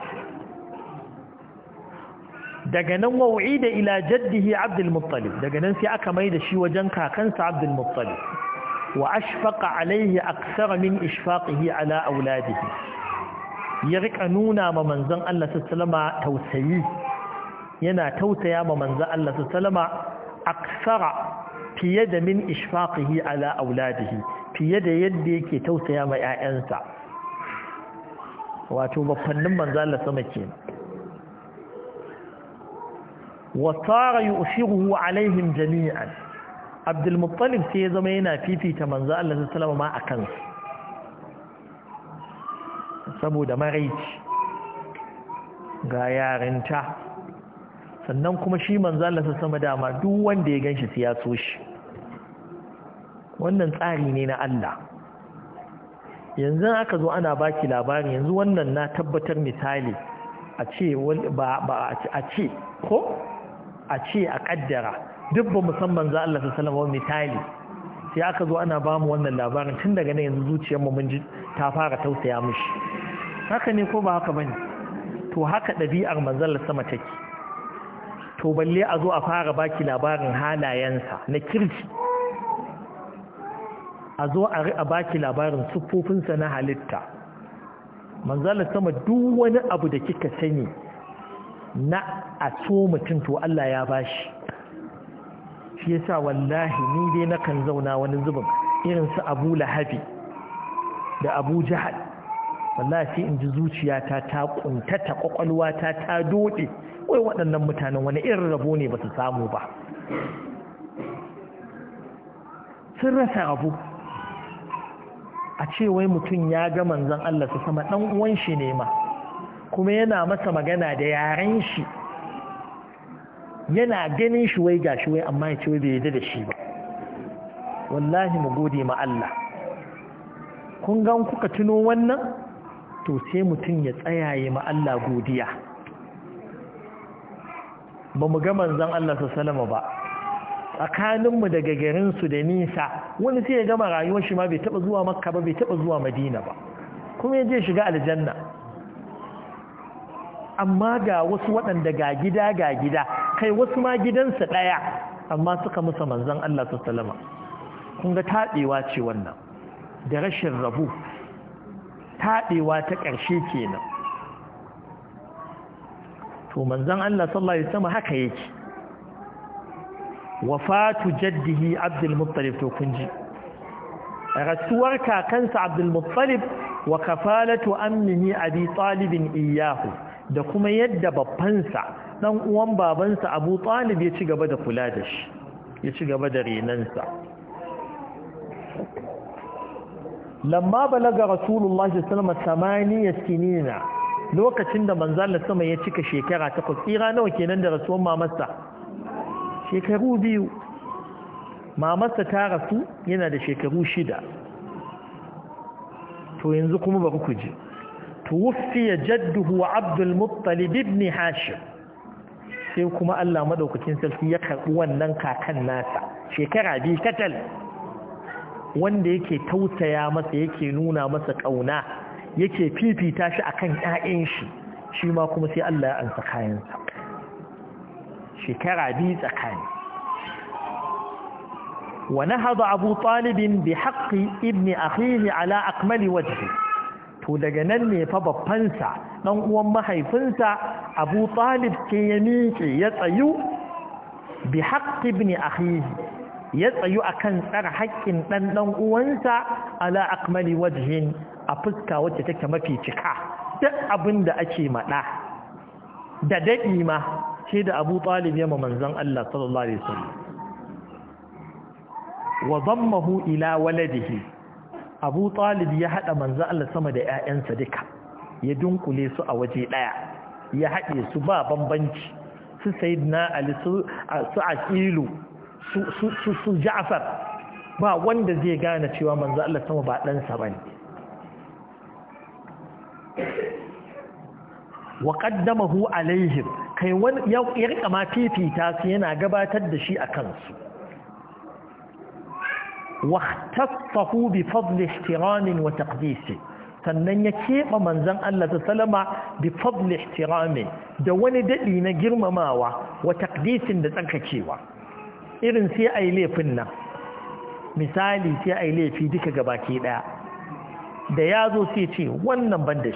daga nan da ila jaddihi abdul muttalib daga nan sai aka mai da shi wajen kakansa abdul muttalib wa ashfaqa alaihi aksara min ishfaqihi ala auladihi ya rika nuna ma manzon Allah sallama tausayi yana tausaya ma manzon Allah sallama aksara fiye da min ishfaqihi ala auladihi fiye da yadda yake tausaya ma ƴaƴansa wato bakkannin manzo Allah sama ke wa sara yushiruhu alaihim jami'an Abdul Muttalib sai ya zama yana fifita manzo Allah sallallahu alaihi wasallam ma akan saboda maraici ga yarinta sannan kuma shi manzo Allah sama dama duk wanda ya ganshi sai so shi wannan tsari ne na Allah yanzu aka zo ana baki labari yanzu wannan na tabbatar misali a ce ba a ce ko a ce a kaddara duk ba musamman za Allah sallallahu alaihi misali sai aka zo ana bamu wannan labarin tun daga nan yanzu zuciyar mu mun ji ta fara tausaya mishi haka ne ko ba haka bane to haka ɗabi'ar manzon sama take to balle a zo a fara baki labarin halayensa na kirki a zo a baki labarin siffofinsa na halitta manzala sama duk wani abu da kika sani na a so mutum to Allah ya bashi shi yasa wallahi ni dai na kan zauna wani zubin irin su abu lahabi da abu jahal wallahi sai in ji zuciyata ta kuntata kwakwalwata ta dode wai waɗannan mutanen wani irin rabo ne ba su samu ba sun rasa abu a ce wai mutum ya ga manzon Allah su sama ɗan uwan shi ne ma kuma yana masa magana da yaren shi yana ganin shi wai gashi wai amma ya ce wai bai yadda da shi ba wallahi mu gode ma Allah kun gan kuka tuno wannan to sai mutum ya tsayaye ma Allah godiya ba mu ga manzon Allah su ba tsakaninmu daga garinsu da nisa wani sai ya gama rayuwar shi ma bai taɓa zuwa makka ba bai taɓa zuwa madina ba kuma ya je shiga aljanna amma ga wasu waɗanda ga gida ga gida kai wasu ma gidansa ɗaya amma suka musa manzan Allah su salama kun ga taɗewa ce wannan da rashin rabu taɗewa ta ƙarshe kenan to manzan Allah sallallahu alaihi wasallam haka yake wafatu jaddihi abdul muttalib to rasuwar kakansa abdul muttalib wa kafalatu amnihi abi talibin iyahu da kuma yadda babansa dan uwan babansa abu talib ya ci gaba da kula da shi ya ci gaba da renansa lamma balaga rasulullahi sallallahu alaihi wasallam sinina lokacin da manzon sama ya cika shekara takwas tsira nawa kenan da rasuwar mamarsa shekaru biyu mamarsa ta rasu yana da shekaru shida to yanzu kuma bari ku ji tuwufiya jadduhu wa abdul muttalib ibn hashim sai kuma Allah madaukakin sarki ya karɓi wannan kakan nasa shekara biyu katal wanda yake tausaya masa yake nuna masa ƙauna, yake fifita shi akan ƴaƴan shi shi ma kuma sai Allah ya ansa kayansa shekara biyu tsakani wani haɗa abu talibin bi haƙƙi ibni akhihi ala akmali wajhi to daga nan ne fa babbansa ɗan uwan mahaifinsa abu talib ke ya miƙe ya tsayu bi haƙƙi ibni akhihi ya tsayu akan tsar haƙƙin ɗan ɗan uwansa ala akmali wajhin a fuska wacce take mafi cika duk abin da ake maɗa da daɗi ma sai da abu talib yamma manzan Allah sallallahu alaihi wasallam wa dammahu ila waladihi abu talib ya haɗa manzan Allah sama da ƴaƴansa duka ya dunkule su a waje ɗaya ya haɗe su ba bambanci su sayyidina ali su su su ba wanda zai gane cewa manzan Allah sama ba ɗansa ba bane wa qaddamahu alaihim kai wani ya rika ma fifita su yana gabatar da shi a kansu bi fadli ihtiramin wa taqdisi sannan ya keɓa manzan Allah ta salama bi fadli ihtiramin da wani daɗi na girmamawa wa taqdisin da tsarkakewa irin sai a laifin nan misali sai a yi laifi duka gabaki ɗaya da ya sai ce wannan ban da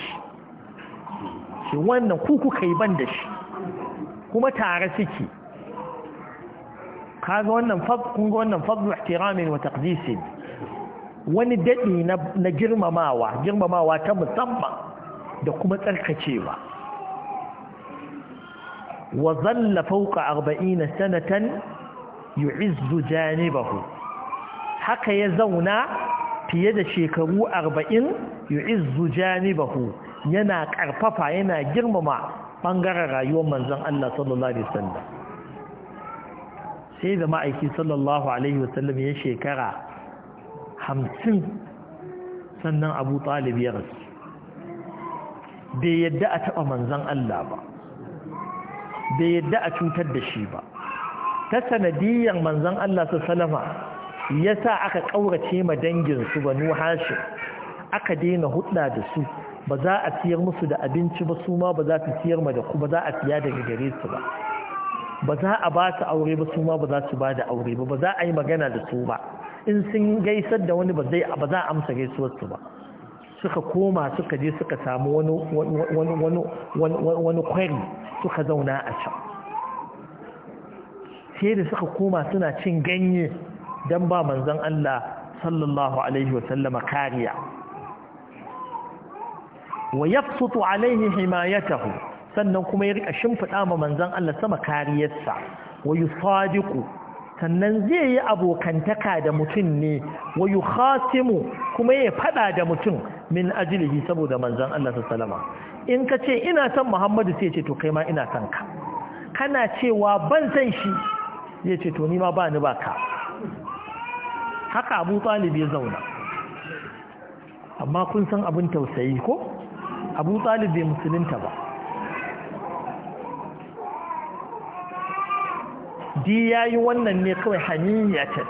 shi wannan ku kuka yi ban da shi kuma tare suke kaga wannan kun ga wannan fadlu ihtiramin wa taqdisin wani dadi na girmamawa girmamawa ta musamman da kuma tsarkacewa wa zalla fawqa 40 sanatan yu'izzu janibahu haka ya zauna fiye da shekaru 40 yu'izzu janibahu yana karfafa yana girmama ɓangaren rayuwar manzan Allah sallallahu Alaihi wasallam sai da ma'aiki sallallahu Alaihi wasallam ya shekara hamsin sannan abu talib ya rasu bai yadda a taɓa manzan Allah ba bai yadda a cutar da shi ba ta sanadiyyar manzan Allah salama ya sa aka ƙaurace ma danginsu ba nuhashi aka daina hudda da su ba za a siyar musu da abinci ba su ma ba za su siyar ma da ku ba za a siya daga gare su ba ba za a ba su aure ba su ma ba za su ba da aure ba ba za a yi magana da su ba in sun gaisar da wani ba za a amsa gaisuwar su ba suka koma suka je suka samu wani wani wani kwari suka zauna a can sai da suka koma suna cin ganye don ba manzon Allah sallallahu alaihi wa sallama kariya wa yabsutu alaihi himayatahu sannan kuma ya rika shimfida ma manzon Allah sama kariyarsa wa yusadiqu sannan zai yi abokantaka da mutum ne wa yukhatimu kuma ya fada da mutum min ajlihi saboda manzon Allah sallama in ka ce ina son Muhammadu sai ce to kai ma ina son ka kana cewa ban san shi ya ce to ni ma ba ni ba ka haka Abu Talib ya zauna amma kun san abin tausayi ko abu talib bai musulunta ba di ya yi wannan ne kawai haniyya ce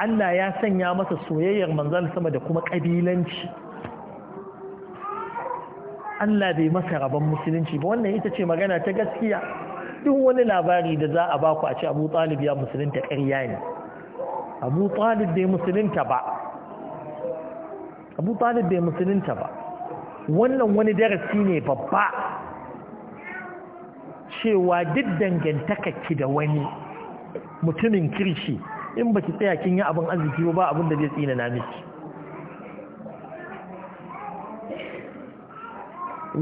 Allah ya sanya masa soyayyar manzan sama da kuma ƙabilanci Allah bai masa rabon musulunci ba wannan ita ce magana ta gaskiya duk wani labari da za a baku a ce abu talib ya musulunta ƙarya ne abu talib bai musulunta ba abu talib bai musulunta ba wannan wani darasi ne babba cewa duk dangantakarki da wani mutumin kirshi in ba ki tsaya kin yi abin arziki ba abin da zai tsina na miki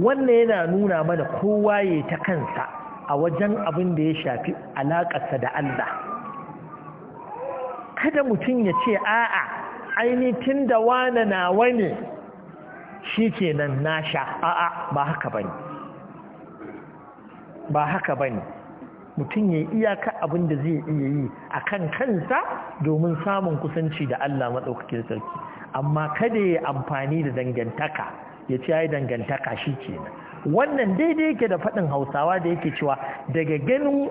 wannan yana nuna mana kowa ya ta kansa a wajen abin da ya shafi alaƙarsa da Allah kada mutum ya ce a'a ainihin da wane na wane shi kenan na sha a'a ba haka bane ba haka bane mutum ya iyaka abin da zai iya yi a kan kansa domin samun kusanci da Allah maɗaukakin sarki amma kada ya amfani da dangantaka ya ci ya yi dangantaka shi kenan wannan daidai yake da faɗin hausawa da yake cewa daga ganin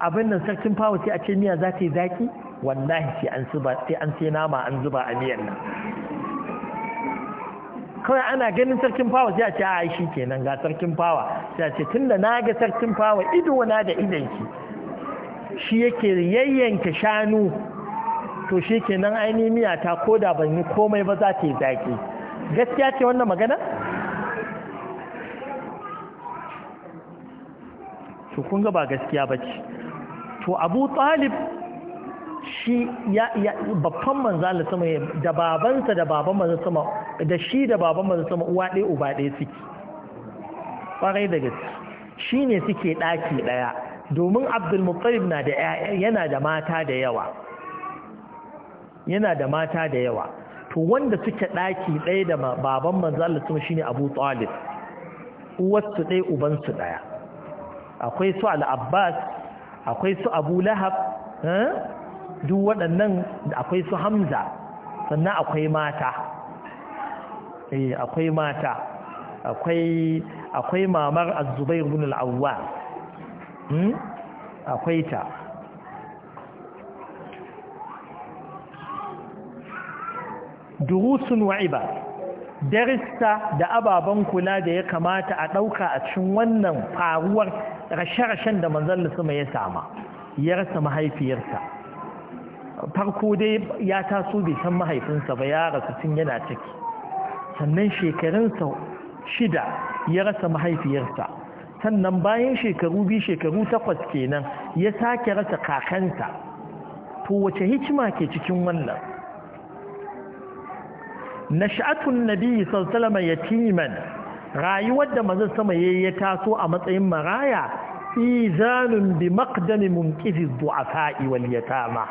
abin nan sarkin fawo sai a ce miya za ta yi zaki wallahi sai an sai nama an zuba a miyan nan kawai ana ganin sarkin fawa sai a ce a shi kenan ga sarkin fawa sai a ce tunda na ga sarkin fawa ido na da idanki shi yake yayyanka shanu to shi kenan ainihin miya ta koda ban yi komai ba za ta yi zaki gaskiya ce wannan magana to kun ga ba gaskiya ba ce to abu talib shi ya babban manzala sama da babansa da baban manzo sama da shi da baban manzo sama uwa ɗaya uba ɗaya suke ƙwarai da gaske shi ne suke ɗaki ɗaya domin Abdul abdulmuttalib na da yana da mata da yawa yana da mata da yawa to wanda suke ɗaki ɗaya da baban manzala sama shine abu talib uwarsu ɗaya ubansu ɗaya akwai su Al Abbas, akwai su abu lahab eh? duk waɗannan akwai su hamza sannan akwai mata eh akwai mata akwai akwai mamar az-zubair ibn al hmm akwai ta durusun wa ibad darista da ababen kula da ya kamata a ɗauka a cikin wannan faruwar rashe-rashen da manzon sama ya sama ya rasa mahaifiyarsa farko dai ya taso bai san mahaifinsa ba ya rasu tun yana ciki sannan shekarunsa shida ya rasa mahaifiyarsa sannan bayan shekaru biyu shekaru takwas kenan ya sake rasa kakansa to wace hikima ke cikin wannan Na nash'atun nabi sallallahu mai yatiman rayuwar da mazan sama ya ya taso a matsayin maraya izanun bi maqdami mumqizi du'afa'i wal yatama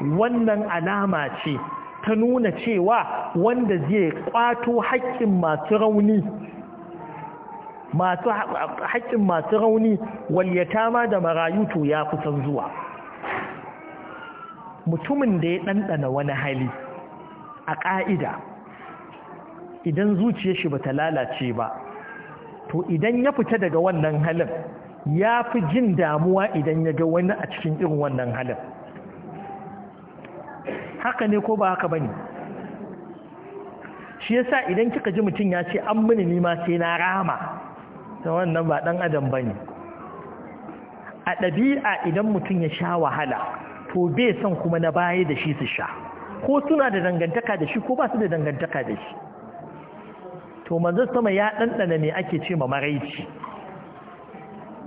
wannan alama ce ta nuna cewa wanda zai kwato haƙƙin masu rauni masu haƙƙin masu rauni ma da ya kusan zuwa mutumin da ya ɗanɗana wani hali a ƙa'ida idan zuciya shi ta lalace ba to idan ya fita daga wannan halin ya fi jin damuwa idan ya ga wani a cikin irin wannan halin haka ne ko ba haka ba ne shi yasa idan kika ji mutum ya ce an mini nima sai na rama ta wannan ba dan adam ba ne a ɗabi'a idan mutum ya sha wahala to bai son kuma na baya da shi su sha ko suna da dangantaka da shi ko ba su da dangantaka da shi to manzo sama ya ɗanɗana ne ake ce ma maraici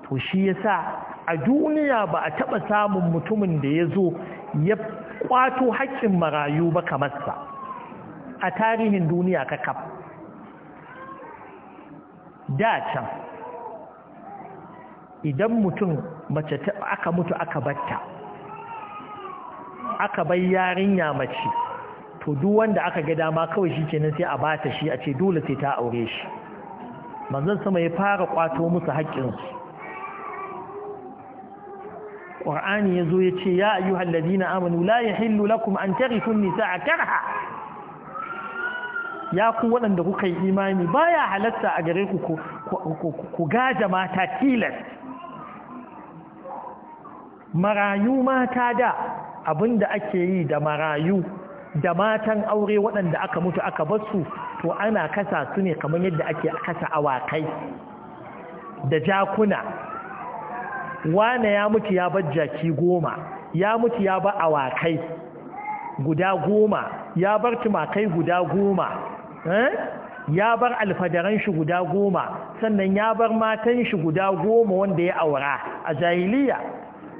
to shi yasa a duniya ba a taɓa samun mutumin da ya zo ya kwato haƙƙin marayu ba kamarsa a tarihin duniya ka kaf da can idan mutum mace aka mutu aka batta aka bai yarinya mace to duk wanda aka ga dama kawai shi kenan sai a bata shi a ce dole sai ta aure shi manzon sama ya fara kwato musu haƙƙinsu ƙwar'ani ya zo ya ce ya ayyu hallazi amanu la ya hillu lakum an tarifun nisa a karha ya ku waɗanda kuka yi imani baya halatta a gare ku ku gaja mata tilas marayu mata da abinda ake yi da marayu da matan aure waɗanda aka mutu aka basu to ana kasa su ne kamar yadda ake kasa awakai da jakuna wane ya mutu ya bar jaki goma ya mutu ya bar awakai guda goma ya bar tumakai guda goma eh? ya bar alfadaran shi guda goma sannan ya bar matan shi guda goma wanda ya aura a jahiliya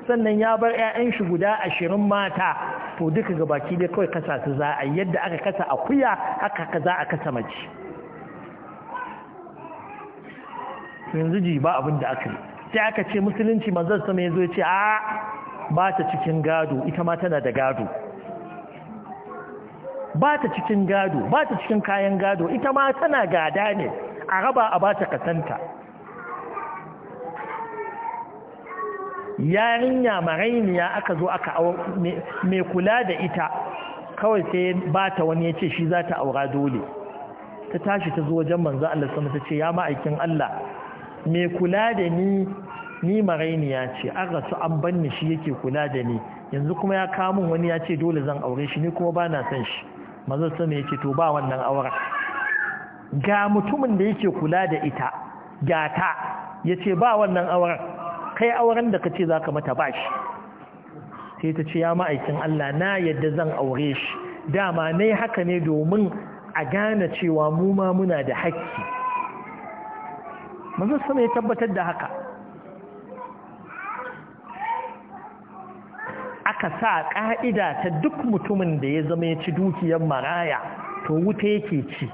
sannan ya bar 'ya'yan shi guda ashirin mata to duka ga baki dai kawai kasa su za a yadda aka kasa akuya haka za a kasa mace yanzu ji ba abin da aka yi sai aka ce musulunci manzon sama yazo ya ce a ba ta cikin gado ita ma tana da gado ba ta cikin gado ba ta cikin kayan gado ita ma tana gada ne a raba a ba ta kasanta yarinya marainiya aka zo aka mai kula da ita kawai sai ba ta wani ya ce shi za ta aura dole ta tashi ta zo wajen manzo Allah sama ta ce ya ma'aikin Allah mai kula da ni ni Maraini ya ce an rasu an banni shi yake kula da ni yanzu kuma ya kawo min wani ya ce dole zan aure shi ni kuma ba na son shi mazan sama ya ce to ba wannan aure ga mutumin da yake kula da ita ga ta ya ce ba wannan auren kai auren da ka ce za ka mata ba shi sai ta ce ya ma'aikin Allah na yadda zan aure shi dama na haka ne domin a gane cewa mu ma muna da haƙƙi mazan sama ya tabbatar da haka aka sa ƙa'ida ta duk mutumin da ya zama ya ci dukiyar maraya to wuta yake ci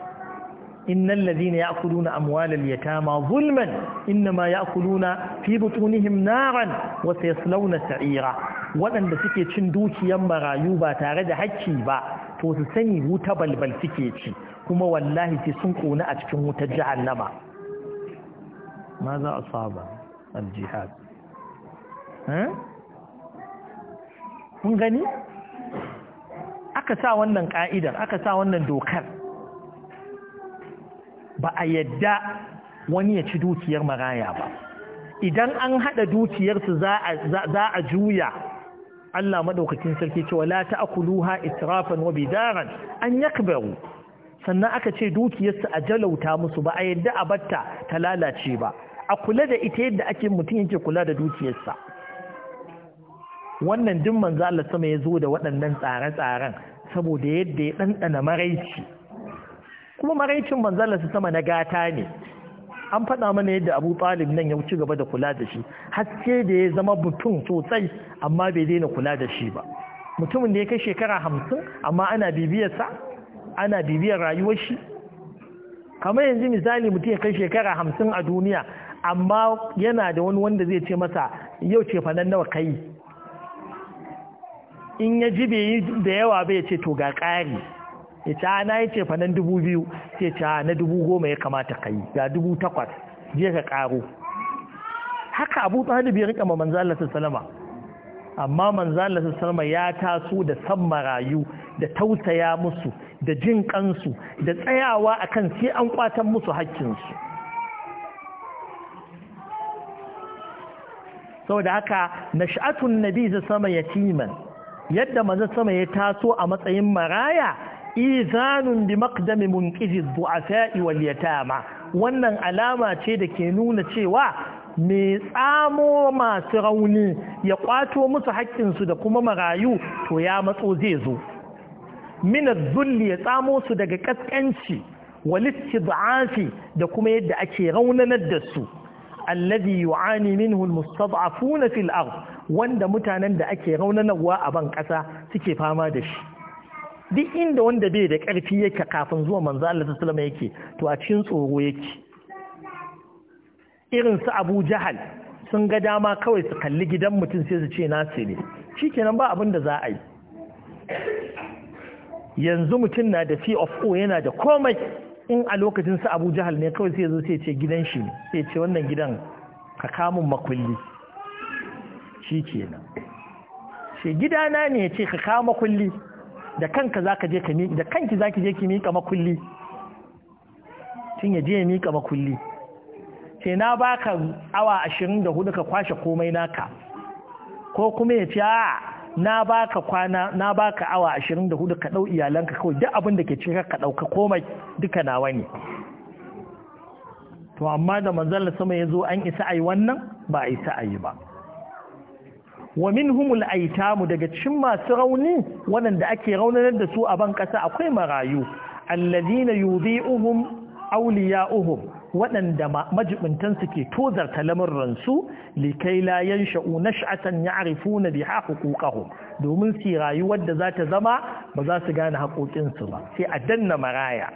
innal ladina ya'kuluna amwalal yatama zulman innama ya'kuluna fi butunihim naran wa sayaslawna sa'ira waɗanda suke cin dukiyar marayu ba tare da hakki ba to su sani wuta balbal suke ci kuma wallahi sai sun ƙone a cikin wutar jahannama ma za a saba al kun gani aka sa wannan ka'idar aka sa wannan dokar ba a yadda wani ya ci dukiyar maraya ba idan an hada dukiyarsu za a juya Allah madaukakin sarki cewa la ta'kuluha israfan wa bidaran an yakbaru sannan aka ce dukiyarsu a jalauta musu ba a yadda a batta ta lalace ba a kula da ita yadda ake mutum yake kula da dukiyarsa wannan duk manzo Allah sama ya zo da waɗannan tsare-tsaren saboda yadda ya ɗanɗana maraici kuma maraicin manzo Allah sama na gata ne an faɗa mana yadda Abu Talib nan ya ci gaba da kula da shi haske da ya zama mutum sosai amma bai daina kula da shi ba mutumin da ya kai shekara hamsin amma ana bibiyar sa ana bibiyar rayuwar shi kamar yanzu misali mutum ya kai shekara hamsin a duniya amma yana da wani wanda zai ce masa yau ce fa nan nawa kai in ya ji bai yi da yawa ba ya ce to ga ƙari ya ce ana ya ce fanan dubu biyu ya ce na dubu goma ya kamata ka yi ga dubu takwas je ka ƙaro haka abu talib biyar rika ma manzo Allah sallama amma manzo Allah sallama ya taso da san marayu da tausaya musu da jin kansu da tsayawa akan sai an kwatan musu haƙƙinsu saboda haka nash'atun nabi sama yatiman yadda maza sama ya taso a matsayin maraya izanun bi maqdami munqizi du'afa'i wal yatama wannan alama ce da ke nuna cewa me tsamo masu rauni ya kwato musu haƙƙinsu da kuma marayu to ya matso zai zo minar zulli ya tsamo su daga ƙasƙanci wal istidafi da kuma yadda ake raunanar da su alladhi yu'ani minhu almustad'afuna fil ardh wanda mutanen da ake raunanarwa a ban ƙasa suke fama da shi duk inda wanda bai da ƙarfi yake kafin zuwa manzo Allah sallallahu yake to a cikin tsoro yake irin su Abu Jahal sun ga dama kawai su kalli gidan mutum sai su ce nasu ne shikenan ba abin da za a yi yanzu mutum na da fee of o yana da komai in a lokacin su Abu Jahal ne kawai sai zo sai ce gidan shi ne sai ce wannan gidan ka kamun makulli shi nan shi gidana ne ya ce ka kawo makulli da kanka za ka je ka miƙa da kanki za ki je ki miƙa makulli tun ya je ya miƙa makulli ce na baka awa ashirin da hudu ka kwashe komai naka ko kuma ya ce a na baka kwana na baka awa ashirin da hudu ka ɗau iyalanka kawai duk abin da ke ce ka ɗauka komai duka nawa ne to amma da manzon sama ya zo an isa a yi wannan ba a isa a yi ba wa min humul aitamu daga cikin masu rauni waɗanda ake raunanar da su a ban ƙasa akwai marayu alladhina Auliya awliya'uhum waɗanda su ke tozarta lamurransu likai la yansha'u nash'atan ya'rifuna biha huquqahum domin su rayuwar da za ta zama ba za su gane haƙoƙinsu ba sai a danna maraya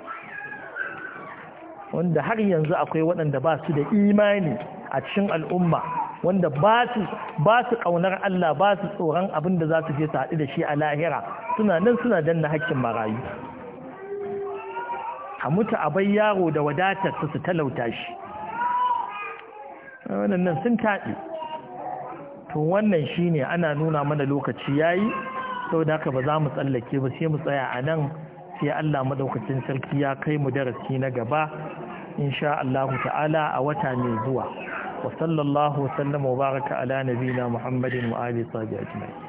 wanda har yanzu akwai waɗanda ba su da imani a cikin al'umma wanda ba su ba kaunar Allah ba su tsoron abin da za su je su haɗu da shi a lahira suna nan suna danna hakkin marayu a mutu a bai yaro da wadatar su talauta shi wannan sun taɗi to wannan shine ana nuna mana lokaci yayi da haka ba za mu tsallake ba sai mu tsaya a nan sai Allah madaukakin sarki ya kai mu darasi na gaba insha Allah ta'ala a wata mai zuwa wa sallallahu wa wa baraka ala nabina muhammadin wa alihi sahbihi ajma'in